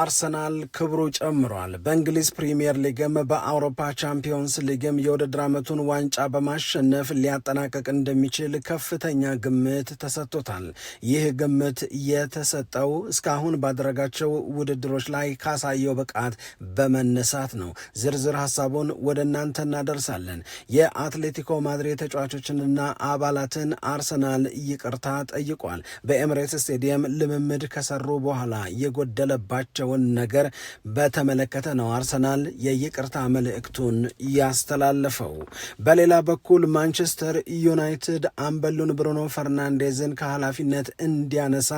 አርሰናል ክብሩ ጨምሯል። በእንግሊዝ ፕሪምየር ሊግም በአውሮፓ ቻምፒዮንስ ሊግም የውድድር ዓመቱን ዋንጫ በማሸነፍ ሊያጠናቀቅ እንደሚችል ከፍተኛ ግምት ተሰጥቶታል። ይህ ግምት የተሰጠው እስካሁን ባደረጋቸው ውድድሮች ላይ ካሳየው ብቃት በመነሳት ነው። ዝርዝር ሀሳቡን ወደ እናንተ እናደርሳለን። የአትሌቲኮ ማድሪድ ተጫዋቾችንና አባላትን አርሰናል ይቅርታ ጠይቋል። በኤምሬትስ ስቴዲየም ልምምድ ከሰሩ በኋላ የጎደለባቸው ያላቸውን ነገር በተመለከተ ነው አርሰናል የይቅርታ መልእክቱን ያስተላለፈው። በሌላ በኩል ማንቸስተር ዩናይትድ አምበሉን ብሩኖ ፈርናንዴዝን ከኃላፊነት እንዲያነሳ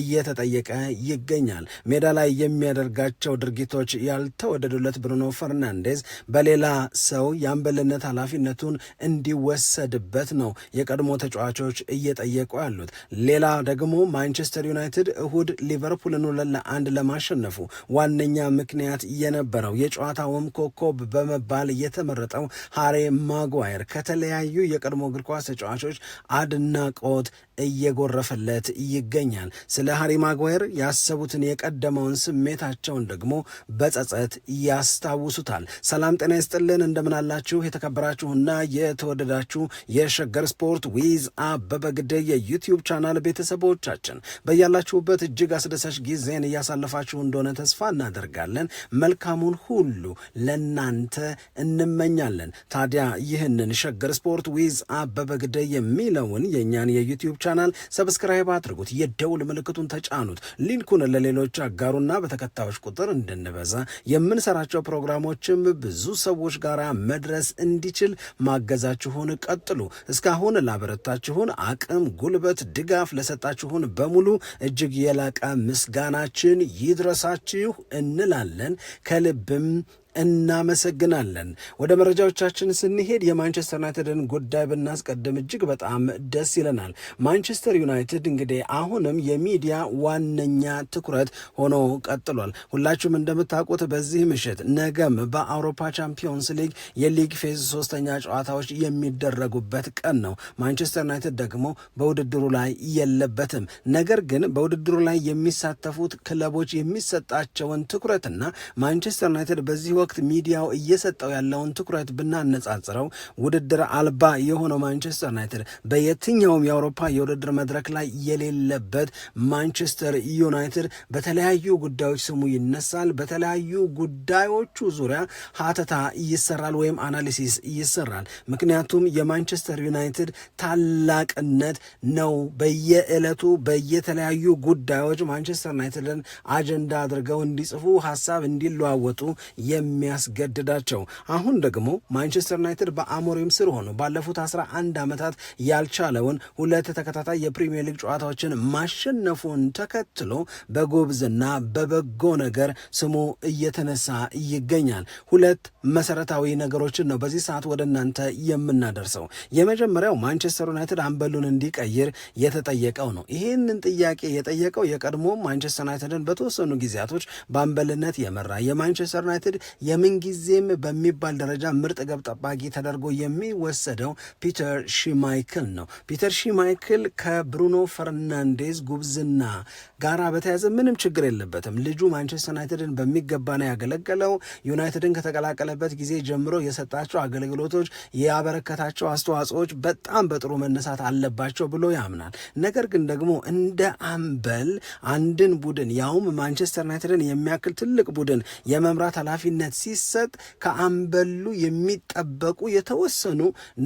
እየተጠየቀ ይገኛል። ሜዳ ላይ የሚያደርጋቸው ድርጊቶች ያልተወደዱለት ብሩኖ ፈርናንዴዝ በሌላ ሰው የአምበልነት ኃላፊነቱን እንዲወሰድበት ነው የቀድሞ ተጫዋቾች እየጠየቁ ያሉት። ሌላ ደግሞ ማንቸስተር ዩናይትድ እሁድ ሊቨርፑልን ሁለት ለአንድ ለማሸነፍ ማሸነፉ ዋነኛ ምክንያት የነበረው የጨዋታውም ኮከብ በመባል የተመረጠው ሃሬ ማጓየር ከተለያዩ የቀድሞ እግር ኳስ ተጫዋቾች አድናቆት እየጎረፈለት ይገኛል። ስለ ሃሪ ማጓየር ያሰቡትን የቀደመውን ስሜታቸውን ደግሞ በጸጸት ያስታውሱታል። ሰላም ጤና ይስጥልን፣ እንደምናላችሁ የተከበራችሁና የተወደዳችሁ የሸገር ስፖርት ዊዝ አበበ ግደይ የዩትዩብ ቻናል ቤተሰቦቻችን በያላችሁበት እጅግ አስደሳች ጊዜን እያሳለፋችሁ እንደ እንደሆነ ተስፋ እናደርጋለን። መልካሙን ሁሉ ለናንተ እንመኛለን። ታዲያ ይህንን ሸገር ስፖርት ዊዝ አበበ ግደይ የሚለውን የእኛን የዩቲዩብ ቻናል ሰብስክራይብ አድርጉት፣ የደውል ምልክቱን ተጫኑት፣ ሊንኩን ለሌሎች አጋሩና በተከታዮች ቁጥር እንድንበዛ የምንሰራቸው ፕሮግራሞችም ብዙ ሰዎች ጋር መድረስ እንዲችል ማገዛችሁን ቀጥሉ። እስካሁን ላበረታችሁን አቅም፣ ጉልበት፣ ድጋፍ ለሰጣችሁን በሙሉ እጅግ የላቀ ምስጋናችን ይድረሳል። ያድርሳችሁ እንላለን ከልብም እናመሰግናለን። ወደ መረጃዎቻችን ስንሄድ የማንቸስተር ዩናይትድን ጉዳይ ብናስቀድም እጅግ በጣም ደስ ይለናል። ማንቸስተር ዩናይትድ እንግዲህ አሁንም የሚዲያ ዋነኛ ትኩረት ሆኖ ቀጥሏል። ሁላችሁም እንደምታውቁት በዚህ ምሽት ነገም በአውሮፓ ቻምፒዮንስ ሊግ የሊግ ፌዝ ሶስተኛ ጨዋታዎች የሚደረጉበት ቀን ነው። ማንቸስተር ዩናይትድ ደግሞ በውድድሩ ላይ የለበትም። ነገር ግን በውድድሩ ላይ የሚሳተፉት ክለቦች የሚሰጣቸውን ትኩረትና ማንቸስተር ዩናይትድ በዚህ ወቅት ሚዲያው እየሰጠው ያለውን ትኩረት ብናነጻጽረው ውድድር አልባ የሆነው ማንቸስተር ዩናይትድ በየትኛውም የአውሮፓ የውድድር መድረክ ላይ የሌለበት ማንቸስተር ዩናይትድ በተለያዩ ጉዳዮች ስሙ ይነሳል። በተለያዩ ጉዳዮቹ ዙሪያ ሀተታ ይሰራል ወይም አናሊሲስ ይሰራል። ምክንያቱም የማንቸስተር ዩናይትድ ታላቅነት ነው። በየዕለቱ በየተለያዩ ጉዳዮች ማንቸስተር ዩናይትድን አጀንዳ አድርገው እንዲጽፉ ሀሳብ እንዲለዋወጡ የሚ የሚያስገድዳቸው። አሁን ደግሞ ማንቸስተር ዩናይትድ በአሞሪም ስር ሆኖ ባለፉት አስራ አንድ ዓመታት ያልቻለውን ሁለት ተከታታይ የፕሪሚየር ሊግ ጨዋታዎችን ማሸነፉን ተከትሎ በጎብዝና በበጎ ነገር ስሙ እየተነሳ ይገኛል። ሁለት መሰረታዊ ነገሮችን ነው በዚህ ሰዓት ወደ እናንተ የምናደርሰው። የመጀመሪያው ማንቸስተር ዩናይትድ አምበሉን እንዲቀይር የተጠየቀው ነው። ይህንን ጥያቄ የጠየቀው የቀድሞ ማንቸስተር ዩናይትድን በተወሰኑ ጊዜያቶች በአምበልነት የመራ የማንቸስተር ዩናይትድ የምንጊዜም በሚባል ደረጃ ምርጥ ግብ ጠባቂ ተደርጎ የሚወሰደው ፒተር ሺማይክል ነው። ፒተር ሺማይክል ከብሩኖ ፈርናንዴዝ ጉብዝና ጋር በተያያዘ ምንም ችግር የለበትም። ልጁ ማንቸስተር ዩናይትድን በሚገባ ነው ያገለገለው። ዩናይትድን ከተቀላቀለበት ጊዜ ጀምሮ የሰጣቸው አገልግሎቶች፣ ያበረከታቸው አስተዋጽኦዎች በጣም በጥሩ መነሳት አለባቸው ብሎ ያምናል። ነገር ግን ደግሞ እንደ አምበል አንድን ቡድን ያውም ማንቸስተር ዩናይትድን የሚያክል ትልቅ ቡድን የመምራት ኃላፊነት ምክንያት ሲሰጥ ከአንበሉ የሚጠበቁ የተወሰኑ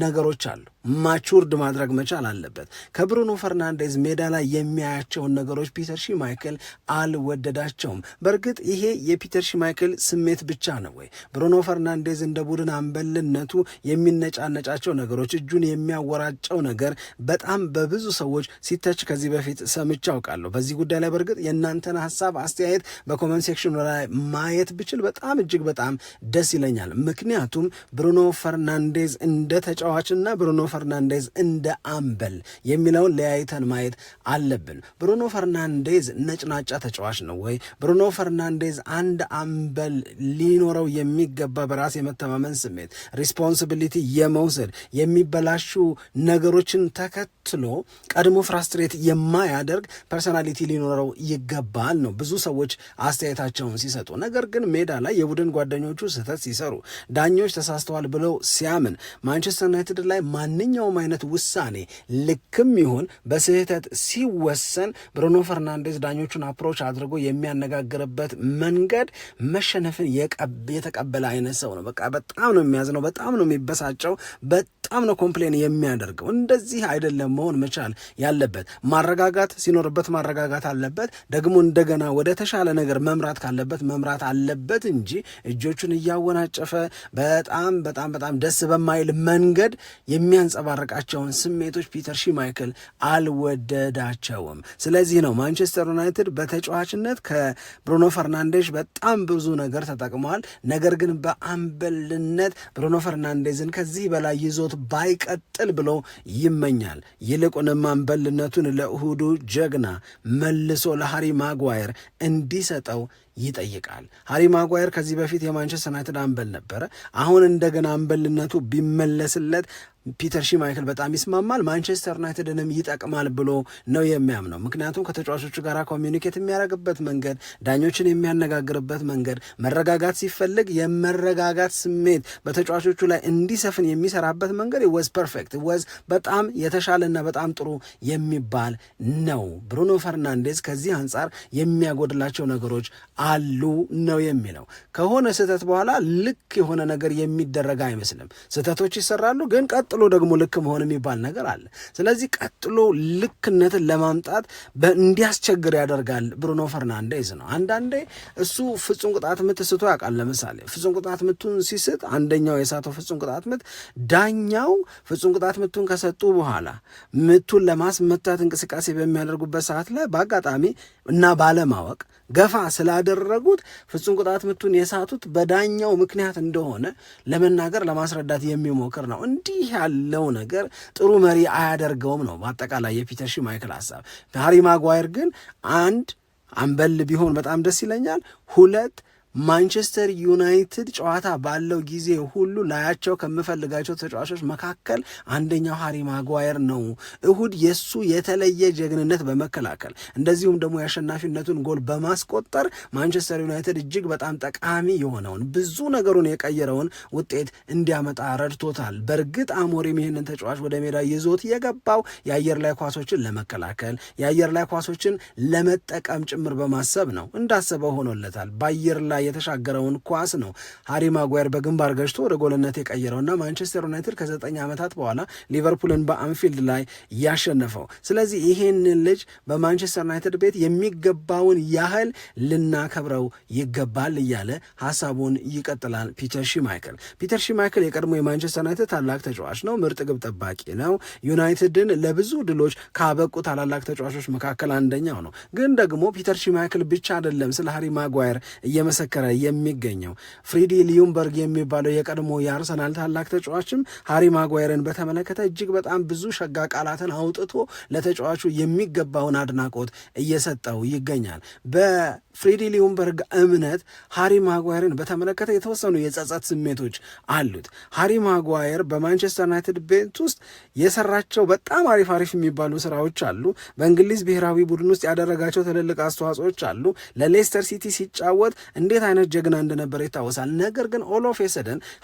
ነገሮች አሉ። ማቹርድ ማድረግ መቻል አለበት። ከብሩኖ ፈርናንዴዝ ሜዳ ላይ የሚያያቸውን ነገሮች ፒተር ሺማይክል አልወደዳቸውም። በእርግጥ ይሄ የፒተር ማይክል ስሜት ብቻ ነው ወይ? ብሩኖ ፈርናንዴዝ እንደ ቡድን አምበልነቱ የሚነጫነጫቸው ነገሮች፣ እጁን የሚያወራጨው ነገር በጣም በብዙ ሰዎች ሲተች ከዚህ በፊት ሰምቼ አውቃለሁ። በዚህ ጉዳይ ላይ በእርግጥ የእናንተን ሀሳብ አስተያየት በኮመንት ሴክሽኑ ላይ ማየት ብችል በጣም እጅግ በጣም ደስ ይለኛል። ምክንያቱም ብሩኖ ፈርናንዴዝ እንደ ተጫዋችና ብሩኖ ፈርናንዴዝ እንደ አምበል የሚለውን ለያይተን ማየት አለብን። ብሩኖ ፈርናንዴዝ ነጭናጫ ተጫዋች ነው ወይ? ብሩኖ ፈርናንዴዝ አንድ አምበል ሊኖረው የሚገባ በራስ የመተማመን ስሜት፣ ሪስፖንሲቢሊቲ የመውሰድ የሚበላሹ ነገሮችን ተከትሎ ቀድሞ ፍራስትሬት የማያደርግ ፐርሶናሊቲ ሊኖረው ይገባል ነው ብዙ ሰዎች አስተያየታቸውን ሲሰጡ፣ ነገር ግን ሜዳ ላይ የቡድን ጓደኞቹ ስህተት ሲሰሩ፣ ዳኞች ተሳስተዋል ብለው ሲያምን ማንቸስተር ዩናይትድ ላይ ማንኛውም አይነት ውሳኔ ልክም ይሁን በስህተት ሲወሰን ብሩኖ ፈርናንዴዝ ዳኞቹን አፕሮች አድርጎ የሚያነጋግርበት መንገድ መሸነፍን የተቀበለ አይነት ሰው ነው። በቃ በጣም ነው የሚያዝነው፣ በጣም ነው የሚበሳጨው፣ በጣም ነው ኮምፕሌን የሚያደርገው። እንደዚህ አይደለም መሆን መቻል ያለበት። ማረጋጋት ሲኖርበት ማረጋጋት አለበት። ደግሞ እንደገና ወደ ተሻለ ነገር መምራት ካለበት መምራት አለበት እንጂ እጆቹን እያወናጨፈ በጣም በጣም በጣም ደስ በማይል መንገድ የሚያንጸባርቃቸውን ስሜቶች ፒተር ማይክል አልወደዳቸውም። ስለዚህ ነው ማንቸስተር ዩናይትድ በተጫዋችነት ከብሩኖ ፈርናንዴሽ በጣም ብዙ ነገር ተጠቅመዋል። ነገር ግን በአምበልነት ብሩኖ ፈርናንዴዝን ከዚህ በላይ ይዞት ባይቀጥል ብሎ ይመኛል። ይልቁንም አምበልነቱን ለእሁዱ ጀግና መልሶ ለሃሪ ማጓየር እንዲሰጠው ይጠይቃል። ሃሪ ማጓየር ከዚህ በፊት የማንቸስተር ዩናይትድ አምበል ነበረ። አሁን እንደገና አምበልነቱ ቢመለስለት ፒተር ማይክል በጣም ይስማማል፣ ማንቸስተር ዩናይትድንም ይጠቅማል ብሎ ነው የሚያምነው። ምክንያቱም ከተጫዋቾቹ ጋር ኮሚኒኬት የሚያደርግበት መንገድ፣ ዳኞችን የሚያነጋግርበት መንገድ፣ መረጋጋት ሲፈልግ የመረጋጋት ስሜት በተጫዋቾቹ ላይ እንዲሰፍን የሚሰራበት መንገድ ወዝ ፐርፌክት ወዝ በጣም የተሻለና በጣም ጥሩ የሚባል ነው። ብሩኖ ፈርናንዴዝ ከዚህ አንጻር የሚያጎድላቸው ነገሮች አሉ ነው የሚለው። ከሆነ ስህተት በኋላ ልክ የሆነ ነገር የሚደረግ አይመስልም። ስህተቶች ይሰራሉ ግን ቀጥሎ ደግሞ ልክ መሆን የሚባል ነገር አለ። ስለዚህ ቀጥሎ ልክነትን ለማምጣት እንዲያስቸግር ያደርጋል ብሩኖ ፈርናንዴዝ ነው። አንዳንዴ እሱ ፍጹም ቅጣት ምት ስቶ ያውቃል። ለምሳሌ ፍጹም ቅጣት ምቱን ሲስት አንደኛው የሳተው ፍጹም ቅጣት ምት ዳኛው ፍጹም ቅጣት ምቱን ከሰጡ በኋላ ምቱን ለማስመታት እንቅስቃሴ በሚያደርጉበት ሰዓት ላይ በአጋጣሚ እና ባለማወቅ ገፋ ስላደረጉት ፍጹም ቅጣት ምቱን የሳቱት በዳኛው ምክንያት እንደሆነ ለመናገር ለማስረዳት የሚሞክር ነው። እንዲህ ያለው ነገር ጥሩ መሪ አያደርገውም ነው በአጠቃላይ የፒተር ማይክል ሀሳብ። ሃሪ ማጓየር ግን አንድ አምበል ቢሆን በጣም ደስ ይለኛል። ሁለት ማንቸስተር ዩናይትድ ጨዋታ ባለው ጊዜ ሁሉ ላያቸው ከምፈልጋቸው ተጫዋቾች መካከል አንደኛው ሃሪ ማጓየር ነው። እሁድ የሱ የተለየ ጀግንነት በመከላከል እንደዚሁም ደግሞ የአሸናፊነቱን ጎል በማስቆጠር ማንቸስተር ዩናይትድ እጅግ በጣም ጠቃሚ የሆነውን ብዙ ነገሩን የቀየረውን ውጤት እንዲያመጣ ረድቶታል። በእርግጥ አሞሪም ይህንን ተጫዋች ወደ ሜዳ ይዞት የገባው የአየር ላይ ኳሶችን ለመከላከል የአየር ላይ ኳሶችን ለመጠቀም ጭምር በማሰብ ነው። እንዳሰበው ሆኖለታል። በአየር ላይ የተሻገረውን ኳስ ነው ሃሪ ማጓየር በግንባር ገጭቶ ወደ ጎልነት የቀየረውና ማንቸስተር ዩናይትድ ከዘጠኝ ዓመታት በኋላ ሊቨርፑልን በአንፊልድ ላይ ያሸነፈው። ስለዚህ ይሄንን ልጅ በማንቸስተር ዩናይትድ ቤት የሚገባውን ያህል ልናከብረው ይገባል እያለ ሀሳቡን ይቀጥላል ፒተር ሽማይክል። ፒተር ሽማይክል የቀድሞ የማንቸስተር ዩናይትድ ታላቅ ተጫዋች ነው። ምርጥ ግብ ጠባቂ ነው። ዩናይትድን ለብዙ ድሎች ካበቁ ታላላቅ ተጫዋቾች መካከል አንደኛው ነው። ግን ደግሞ ፒተር ሽማይክል ብቻ አይደለም ስለ ሃሪ ማጓየር እየመሰከ እየተጠናከረ የሚገኘው ፍሪዲ ሊዩምበርግ የሚባለው የቀድሞ የአርሰናል ታላቅ ተጫዋችም ሃሪ ማጓየርን በተመለከተ እጅግ በጣም ብዙ ሸጋ ቃላትን አውጥቶ ለተጫዋቹ የሚገባውን አድናቆት እየሰጠው ይገኛል። ፍሬዲ ሊዮንበርግ እምነት ሃሪ ማጓየርን በተመለከተ የተወሰኑ የጸጸት ስሜቶች አሉት። ሃሪ ማጓየር በማንቸስተር ዩናይትድ ቤት ውስጥ የሰራቸው በጣም አሪፍ አሪፍ የሚባሉ ስራዎች አሉ። በእንግሊዝ ብሔራዊ ቡድን ውስጥ ያደረጋቸው ትልልቅ አስተዋጽኦች አሉ። ለሌስተር ሲቲ ሲጫወት እንዴት አይነት ጀግና እንደነበረ ይታወሳል። ነገር ግን ኦሎፍ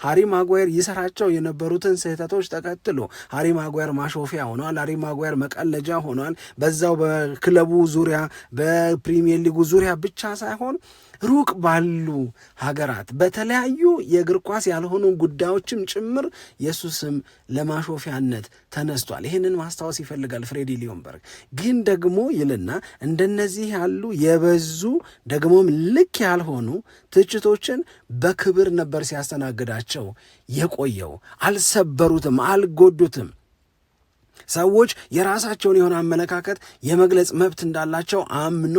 ሃሪ ማጓየር ይሰራቸው የነበሩትን ስህተቶች ተከትሎ ሃሪ ማጓየር ማሾፊያ ሆኗል። ሃሪ ማጓየር መቀለጃ ሆኗል። በዛው በክለቡ ዙሪያ በፕሪሚየር ሊጉ ዙሪያ ብቻ ብቻ ሳይሆን ሩቅ ባሉ ሀገራት በተለያዩ የእግር ኳስ ያልሆኑ ጉዳዮችም ጭምር የእሱ ስም ለማሾፊያነት ተነስቷል። ይህንን ማስታወስ ይፈልጋል ፍሬዲ ሊዮንበርግ። ግን ደግሞ ይልና እንደነዚህ ያሉ የበዙ ደግሞም ልክ ያልሆኑ ትችቶችን በክብር ነበር ሲያስተናግዳቸው የቆየው። አልሰበሩትም፣ አልጎዱትም። ሰዎች የራሳቸውን የሆነ አመለካከት የመግለጽ መብት እንዳላቸው አምኖ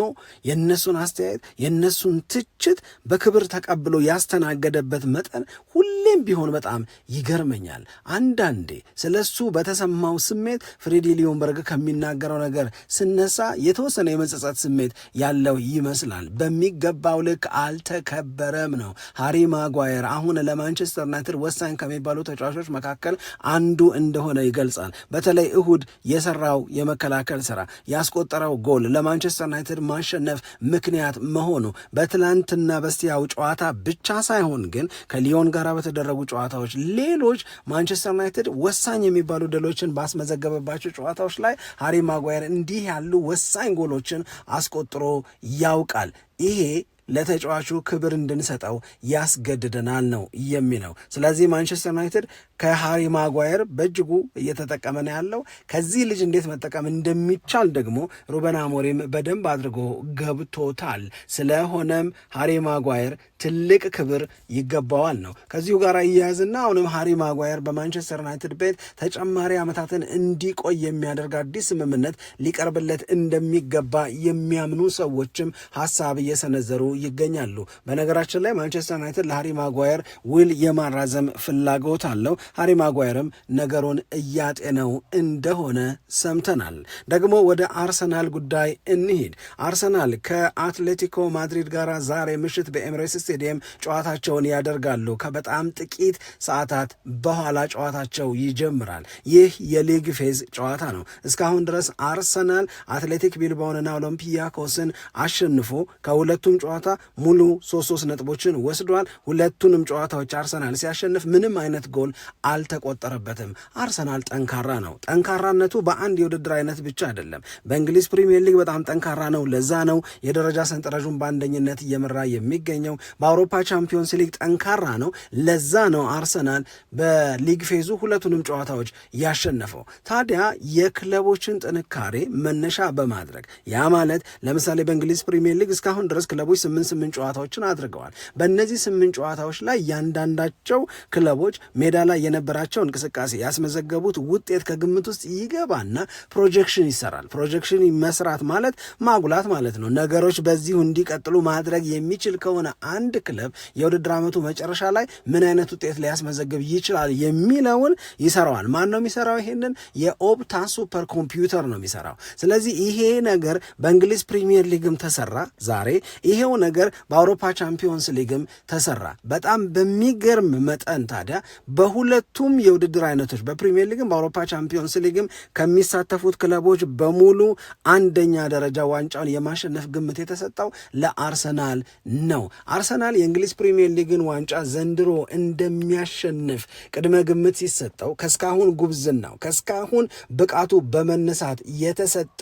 የእነሱን አስተያየት የእነሱን ትችት በክብር ተቀብሎ ያስተናገደበት መጠን ሁሌም ቢሆን በጣም ይገርመኛል። አንዳንዴ ስለ እሱ በተሰማው ስሜት ፍሬዲ ሊዮንበርግ ከሚናገረው ነገር ስነሳ የተወሰነ የመጸጸት ስሜት ያለው ይመስላል። በሚገባው ልክ አልተከበረም ነው። ሃሪ ማጓየር አሁን ለማንቸስተር ዩናይትድ ወሳኝ ከሚባሉ ተጫዋቾች መካከል አንዱ እንደሆነ ይገልጻል። በተለይ እሁድ የሰራው የመከላከል ስራ ያስቆጠረው ጎል ለማንቸስተር ዩናይትድ ማሸነፍ ምክንያት መሆኑ በትላንትና በስቲያው ጨዋታ ብቻ ሳይሆን ግን ከሊዮን ጋር በተደረጉ ጨዋታዎች፣ ሌሎች ማንቸስተር ዩናይትድ ወሳኝ የሚባሉ ድሎችን ባስመዘገበባቸው ጨዋታዎች ላይ ሃሪ ማጓየር እንዲህ ያሉ ወሳኝ ጎሎችን አስቆጥሮ ያውቃል። ይሄ ለተጫዋቹ ክብር እንድንሰጠው ያስገድደናል ነው የሚለው። ስለዚህ ማንቸስተር ዩናይትድ ከሃሪ ማጓየር በእጅጉ እየተጠቀመ ነው ያለው። ከዚህ ልጅ እንዴት መጠቀም እንደሚቻል ደግሞ ሩበን አሞሪም በደንብ አድርጎ ገብቶታል። ስለሆነም ሃሪ ማጓየር ትልቅ ክብር ይገባዋል ነው። ከዚሁ ጋር እያያዝና አሁንም ሃሪ ማጓየር በማንቸስተር ዩናይትድ ቤት ተጨማሪ ዓመታትን እንዲቆይ የሚያደርግ አዲስ ስምምነት ሊቀርብለት እንደሚገባ የሚያምኑ ሰዎችም ሀሳብ እየሰነዘሩ ይገኛሉ። በነገራችን ላይ ማንቸስተር ዩናይትድ ለሃሪ ማጓየር ውል የማራዘም ፍላጎት አለው። ሃሪ ማጓየርም ነገሩን እያጤነው እንደሆነ ሰምተናል። ደግሞ ወደ አርሰናል ጉዳይ እንሂድ። አርሰናል ከአትሌቲኮ ማድሪድ ጋር ዛሬ ምሽት በኤምሬስ ስቴዲየም ጨዋታቸውን ያደርጋሉ። ከበጣም ጥቂት ሰዓታት በኋላ ጨዋታቸው ይጀምራል። ይህ የሊግ ፌዝ ጨዋታ ነው። እስካሁን ድረስ አርሰናል አትሌቲክ ቢልባውንና ኦሎምፒያኮስን አሸንፎ ከሁለቱም ጨዋታ ሙሉ ሶስት ሶስት ነጥቦችን ወስዷል። ሁለቱንም ጨዋታዎች አርሰናል ሲያሸንፍ ምንም አይነት ጎል አልተቆጠረበትም። አርሰናል ጠንካራ ነው። ጠንካራነቱ በአንድ የውድድር አይነት ብቻ አይደለም። በእንግሊዝ ፕሪሚየር ሊግ በጣም ጠንካራ ነው። ለዛ ነው የደረጃ ሰንጠረዡን በአንደኝነት እየመራ የሚገኘው። በአውሮፓ ቻምፒዮንስ ሊግ ጠንካራ ነው። ለዛ ነው አርሰናል በሊግ ፌዙ ሁለቱንም ጨዋታዎች ያሸነፈው። ታዲያ የክለቦችን ጥንካሬ መነሻ በማድረግ ያ ማለት ለምሳሌ በእንግሊዝ ፕሪሚየር ሊግ እስካሁን ድረስ ክለቦች ስምንት ስምንት ጨዋታዎችን አድርገዋል። በእነዚህ ስምንት ጨዋታዎች ላይ እያንዳንዳቸው ክለቦች ሜዳ ላይ የነበራቸው እንቅስቃሴ፣ ያስመዘገቡት ውጤት ከግምት ውስጥ ይገባና ፕሮጀክሽን ይሰራል። ፕሮጀክሽን መስራት ማለት ማጉላት ማለት ነው። ነገሮች በዚሁ እንዲቀጥሉ ማድረግ የሚችል ከሆነ አንድ ክለብ የውድድር ዓመቱ መጨረሻ ላይ ምን አይነት ውጤት ሊያስመዘግብ ይችላል የሚለውን ይሰራዋል። ማን ነው የሚሰራው? ይሄንን የኦፕታ ሱፐር ኮምፒውተር ነው የሚሰራው። ስለዚህ ይሄ ነገር በእንግሊዝ ፕሪሚየር ሊግም ተሰራ ዛሬ ይሄው ነገር በአውሮፓ ቻምፒዮንስ ሊግም ተሰራ። በጣም በሚገርም መጠን ታዲያ በሁለቱም የውድድር አይነቶች በፕሪሚየር ሊግም በአውሮፓ ቻምፒዮንስ ሊግም ከሚሳተፉት ክለቦች በሙሉ አንደኛ ደረጃ ዋንጫውን የማሸነፍ ግምት የተሰጠው ለአርሰናል ነው። አርሰናል የእንግሊዝ ፕሪሚየር ሊግን ዋንጫ ዘንድሮ እንደሚያሸንፍ ቅድመ ግምት ሲሰጠው ከእስካሁን ጉብዝናው ከእስካሁን ብቃቱ በመነሳት የተሰጠ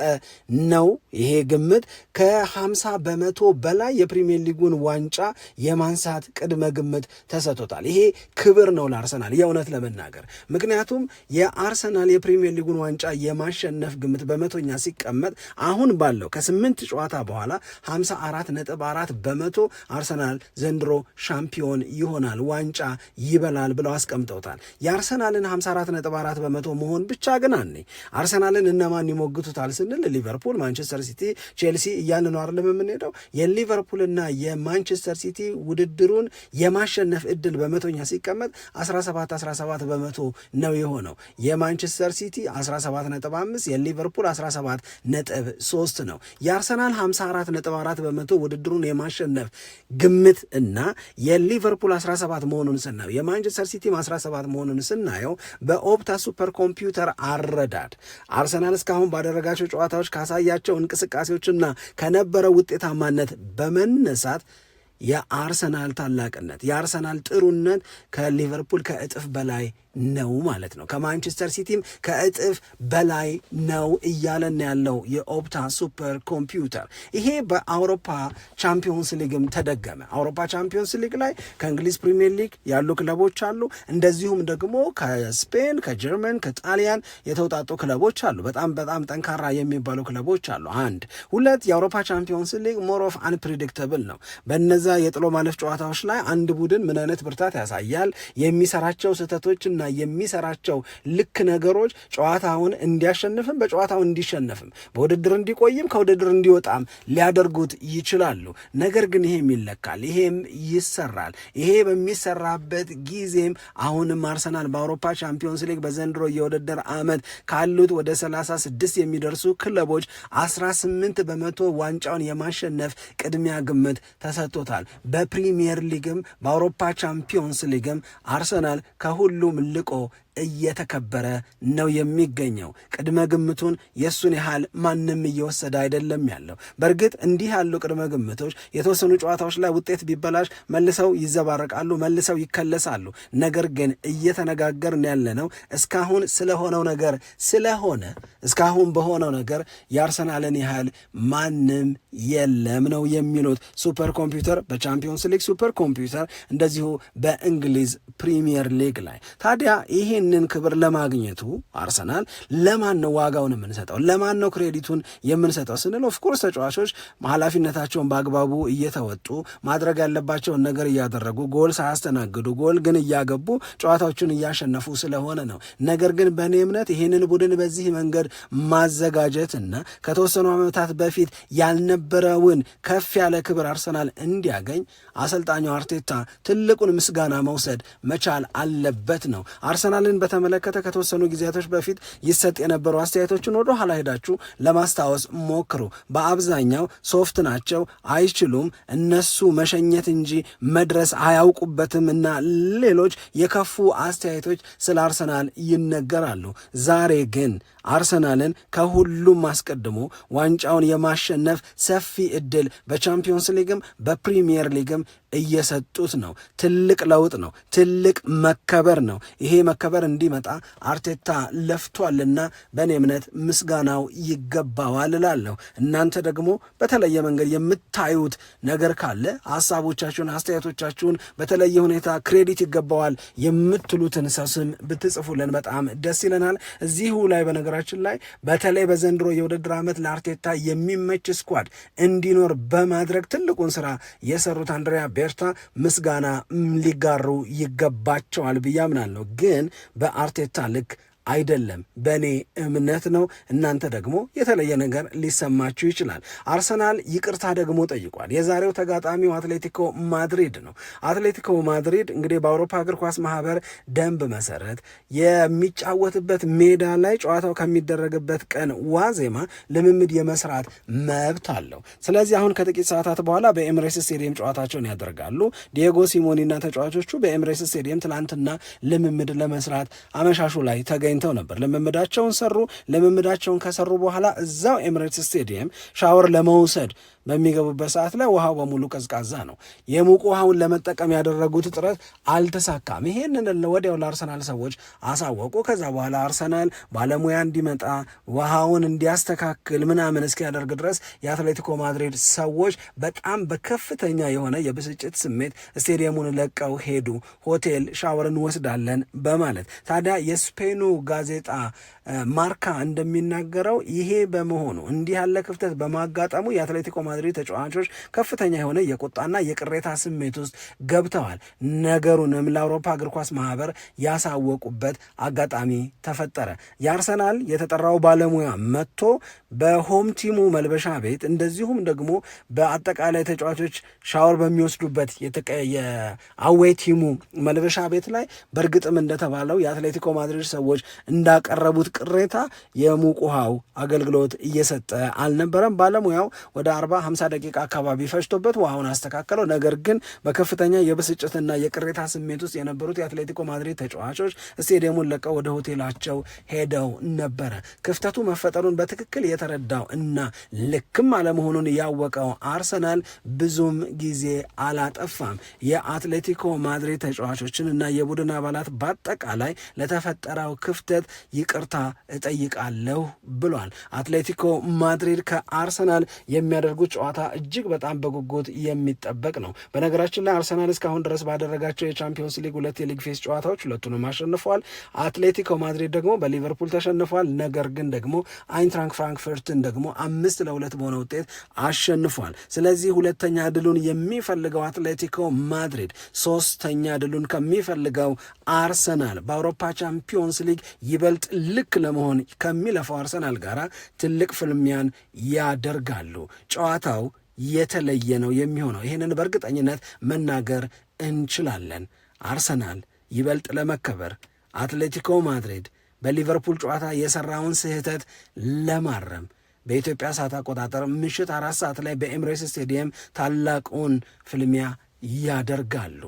ነው። ይሄ ግምት ከ50 በመቶ በላይ የፕሪሚየር ሊጉን ዋንጫ የማንሳት ቅድመ ግምት ተሰጥቶታል። ይሄ ክብር ነው ለአርሰናል የእውነት ለመናገር ምክንያቱም የአርሰናል የፕሪሚየር ሊጉን ዋንጫ የማሸነፍ ግምት በመቶኛ ሲቀመጥ አሁን ባለው ከስምንት ጨዋታ በኋላ 54 ነጥብ አራት በመቶ አርሰናል ዘንድሮ ሻምፒዮን ይሆናል ዋንጫ ይበላል ብለው አስቀምጠውታል። የአርሰናልን 54 ነጥብ አራት በመቶ መሆን ብቻ ግን አኔ አርሰናልን እነማን ይሞግቱታል ስንል ሊቨርፑል፣ ማንቸስተር ሲቲ፣ ቼልሲ እያልን ነው አይደለም የምንሄደው የሊቨርፑል ሊቨርፑልና የማንቸስተር ሲቲ ውድድሩን የማሸነፍ እድል በመቶኛ ሲቀመጥ 17 17 በመቶ ነው የሆነው። የማንቸስተር ሲቲ 17.5 የሊቨርፑል 17.3 ነው። የአርሰናል 4 በመቶ ውድድሩን የማሸነፍ ግምት እና የሊቨርፑል 17 መሆኑን ስናየው የማንቸስተር ሲቲም 17 መሆኑን ስናየው በኦፕታ ሱፐር ኮምፒውተር አረዳድ አርሰናል እስካሁን ባደረጋቸው ጨዋታዎች ካሳያቸው እንቅስቃሴዎችና ከነበረው ውጤታማነት በመ መነሳት የአርሰናል ታላቅነት የአርሰናል ጥሩነት ከሊቨርፑል ከእጥፍ በላይ ነው ማለት ነው። ከማንቸስተር ሲቲም ከእጥፍ በላይ ነው እያለን ያለው የኦፕታ ሱፐር ኮምፒውተር። ይሄ በአውሮፓ ቻምፒዮንስ ሊግም ተደገመ። አውሮፓ ቻምፒዮንስ ሊግ ላይ ከእንግሊዝ ፕሪሚየር ሊግ ያሉ ክለቦች አሉ። እንደዚሁም ደግሞ ከስፔን፣ ከጀርመን፣ ከጣሊያን የተውጣጡ ክለቦች አሉ። በጣም በጣም ጠንካራ የሚባሉ ክለቦች አሉ። አንድ ሁለት የአውሮፓ ቻምፒዮንስ ሊግ ሞር ኦፍ አንፕሪዲክተብል ነው። በነዛ የጥሎ ማለፍ ጨዋታዎች ላይ አንድ ቡድን ምን አይነት ብርታት ያሳያል የሚሰራቸው ስህተቶችና የሚሰራቸው ልክ ነገሮች ጨዋታውን እንዲያሸንፍም በጨዋታው እንዲሸነፍም በውድድር እንዲቆይም ከውድድር እንዲወጣም ሊያደርጉት ይችላሉ። ነገር ግን ይሄም ይለካል፣ ይሄም ይሰራል። ይሄ በሚሰራበት ጊዜም አሁንም አርሰናል በአውሮፓ ቻምፒዮንስ ሊግ በዘንድሮ የውድድር ዓመት ካሉት ወደ 36 የሚደርሱ ክለቦች 18 በመቶ ዋንጫውን የማሸነፍ ቅድሚያ ግምት ተሰጥቶታል። በፕሪሚየር ሊግም በአውሮፓ ቻምፒዮንስ ሊግም አርሰናል ከሁሉም አምልኮ እየተከበረ ነው የሚገኘው። ቅድመ ግምቱን የእሱን ያህል ማንም እየወሰደ አይደለም ያለው። በእርግጥ እንዲህ ያሉ ቅድመ ግምቶች የተወሰኑ ጨዋታዎች ላይ ውጤት ቢበላሽ መልሰው ይዘባረቃሉ፣ መልሰው ይከለሳሉ። ነገር ግን እየተነጋገርን ያለነው እስካሁን ስለሆነው ነገር ስለሆነ እስካሁን በሆነው ነገር የአርሰናልን ያህል ማንም የለም ነው የሚሉት። ሱፐር ኮምፒውተር በቻምፒዮንስ ሊግ ሱፐር ኮምፒውተር እንደዚሁ በእንግሊዝ ፕሪሚየር ሊግ ላይ ታዲያ ይህን ይህንን ክብር ለማግኘቱ አርሰናል ለማን ነው ዋጋውን የምንሰጠው? ለማን ነው ክሬዲቱን የምንሰጠው ስንል ኦፍኮርስ ተጫዋቾች ኃላፊነታቸውን በአግባቡ እየተወጡ ማድረግ ያለባቸውን ነገር እያደረጉ ጎል ሳያስተናግዱ ጎል ግን እያገቡ ጨዋታዎቹን እያሸነፉ ስለሆነ ነው። ነገር ግን በእኔ እምነት ይህንን ቡድን በዚህ መንገድ ማዘጋጀት እና ከተወሰኑ ዓመታት በፊት ያልነበረውን ከፍ ያለ ክብር አርሰናል እንዲያገኝ አሰልጣኙ አርቴታ ትልቁን ምስጋና መውሰድ መቻል አለበት ነው። አርሰናልን በተመለከተ ከተወሰኑ ጊዜያቶች በፊት ይሰጥ የነበሩ አስተያየቶችን ወደ ኋላ ሄዳችሁ ለማስታወስ ሞክሩ። በአብዛኛው ሶፍት ናቸው፣ አይችሉም፣ እነሱ መሸኘት እንጂ መድረስ አያውቁበትም እና ሌሎች የከፉ አስተያየቶች ስለ አርሰናል ይነገራሉ። ዛሬ ግን አርሰናልን ከሁሉም አስቀድሞ ዋንጫውን የማሸነፍ ሰፊ እድል በቻምፒዮንስ ሊግም በፕሪሚየር ሊግም እየሰጡት ነው። ትልቅ ለውጥ ነው። ትልቅ መከበር ነው። ይሄ መከበር እንዲመጣ አርቴታ ለፍቷልና በእኔ እምነት ምስጋናው ይገባዋል እላለሁ። እናንተ ደግሞ በተለየ መንገድ የምታዩት ነገር ካለ ሀሳቦቻችሁን፣ አስተያየቶቻችሁን በተለየ ሁኔታ ክሬዲት ይገባዋል የምትሉትን ሰው ስም ብትጽፉልን በጣም ደስ ይለናል። እዚሁ ላይ በነገራ በነገራችን ላይ በተለይ በዘንድሮ የውድድር ዓመት ለአርቴታ የሚመች ስኳድ እንዲኖር በማድረግ ትልቁን ስራ የሰሩት አንድሪያ ቤርታ ምስጋና ሊጋሩ ይገባቸዋል ብዬ አምናለሁ። ግን በአርቴታ ልክ አይደለም፣ በእኔ እምነት ነው። እናንተ ደግሞ የተለየ ነገር ሊሰማችሁ ይችላል። አርሰናል ይቅርታ ደግሞ ጠይቋል። የዛሬው ተጋጣሚው አትሌቲኮ ማድሪድ ነው። አትሌቲኮ ማድሪድ እንግዲህ በአውሮፓ እግር ኳስ ማህበር ደንብ መሰረት የሚጫወትበት ሜዳ ላይ ጨዋታው ከሚደረግበት ቀን ዋዜማ ልምምድ የመስራት መብት አለው። ስለዚህ አሁን ከጥቂት ሰዓታት በኋላ በኤምሬስ ስቴዲየም ጨዋታቸውን ያደርጋሉ። ዲየጎ ሲሞኒና ተጫዋቾቹ በኤምሬስ ስቴዲየም ትናንትና ልምምድ ለመስራት አመሻሹ ላይ ተገኝ ተገኝተው ነበር። ልምምዳቸውን ሰሩ። ልምምዳቸውን ከሰሩ በኋላ እዛው ኤምሬትስ ስቴዲየም ሻወር ለመውሰድ በሚገቡበት ሰዓት ላይ ውሃው በሙሉ ቀዝቃዛ ነው። የሙቅ ውሃውን ለመጠቀም ያደረጉት ጥረት አልተሳካም። ይሄንን ወዲያው ለአርሰናል ሰዎች አሳወቁ። ከዛ በኋላ አርሰናል ባለሙያ እንዲመጣ ውሃውን እንዲያስተካክል ምናምን እስኪያደርግ ድረስ የአትሌቲኮ ማድሪድ ሰዎች በጣም በከፍተኛ የሆነ የብስጭት ስሜት ስቴዲየሙን ለቀው ሄዱ። ሆቴል ሻወር እንወስዳለን በማለት ታዲያ የስፔኑ ጋዜጣ ማርካ እንደሚናገረው ይሄ በመሆኑ እንዲህ ያለ ክፍተት በማጋጠሙ የአትሌቲኮ ማድሪድ ተጫዋቾች ከፍተኛ የሆነ የቁጣና የቅሬታ ስሜት ውስጥ ገብተዋል። ነገሩንም ለአውሮፓ እግር ኳስ ማህበር ያሳወቁበት አጋጣሚ ተፈጠረ። የአርሰናል የተጠራው ባለሙያ መጥቶ በሆም ቲሙ መልበሻ ቤት እንደዚሁም ደግሞ በአጠቃላይ ተጫዋቾች ሻወር በሚወስዱበት የአዌ ቲሙ መልበሻ ቤት ላይ በእርግጥም እንደተባለው የአትሌቲኮ ማድሪድ ሰዎች እንዳቀረቡት ቅሬታ የሙቅ ውሃው አገልግሎት እየሰጠ አልነበረም። ባለሙያው ወደ 40 ደቂቃ አካባቢ ፈጅቶበት ውሃውን አስተካከለው። ነገር ግን በከፍተኛ የብስጭትና የቅሬታ ስሜት ውስጥ የነበሩት የአትሌቲኮ ማድሪድ ተጫዋቾች ስቴዲየሙን ለቀው ወደ ሆቴላቸው ሄደው ነበረ። ክፍተቱ መፈጠሩን በትክክል የተረዳው እና ልክም አለመሆኑን ያወቀው አርሰናል ብዙም ጊዜ አላጠፋም። የአትሌቲኮ ማድሪድ ተጫዋቾችን እና የቡድን አባላት በአጠቃላይ ለተፈጠረው ክፍተት ይቅርታ እጠይቃለሁ ብሏል። አትሌቲኮ ማድሪድ ከአርሰናል የሚያደርጉት ጨዋታ እጅግ በጣም በጉጉት የሚጠበቅ ነው። በነገራችን ላይ አርሰናል እስካሁን ድረስ ባደረጋቸው የቻምፒዮንስ ሊግ ሁለት የሊግ ፌስ ጨዋታዎች ሁለቱንም አሸንፏል። አትሌቲኮ ማድሪድ ደግሞ በሊቨርፑል ተሸንፏል። ነገር ግን ደግሞ አይንትራንክ ፍራንክፈርትን ደግሞ አምስት ለሁለት በሆነ ውጤት አሸንፏል። ስለዚህ ሁለተኛ ድሉን የሚፈልገው አትሌቲኮ ማድሪድ ሶስተኛ ድሉን ከሚፈልገው አርሰናል በአውሮፓ ቻምፒዮንስ ሊግ ይበልጥ ልክ ለመሆን ከሚለፋው አርሰናል ጋር ትልቅ ፍልሚያን ያደርጋሉ። ጨዋታው የተለየ ነው የሚሆነው። ይህንን በእርግጠኝነት መናገር እንችላለን። አርሰናል ይበልጥ ለመከበር አትሌቲኮ ማድሪድ በሊቨርፑል ጨዋታ የሰራውን ስህተት ለማረም በኢትዮጵያ ሰዓት አቆጣጠር ምሽት አራት ሰዓት ላይ በኤምሬስ ስቴዲየም ታላቁን ፍልሚያ ያደርጋሉ።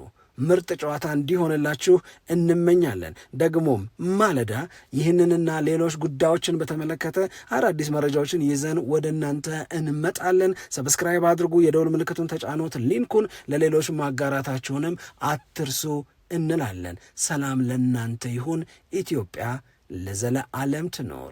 ምርጥ ጨዋታ እንዲሆንላችሁ እንመኛለን። ደግሞም ማለዳ ይህንንና ሌሎች ጉዳዮችን በተመለከተ አዳዲስ መረጃዎችን ይዘን ወደ እናንተ እንመጣለን። ሰብስክራይብ አድርጉ፣ የደውል ምልክቱን ተጫኑት፣ ሊንኩን ለሌሎች ማጋራታችሁንም አትርሱ እንላለን። ሰላም ለእናንተ ይሁን። ኢትዮጵያ ለዘለዓለም ትኖር።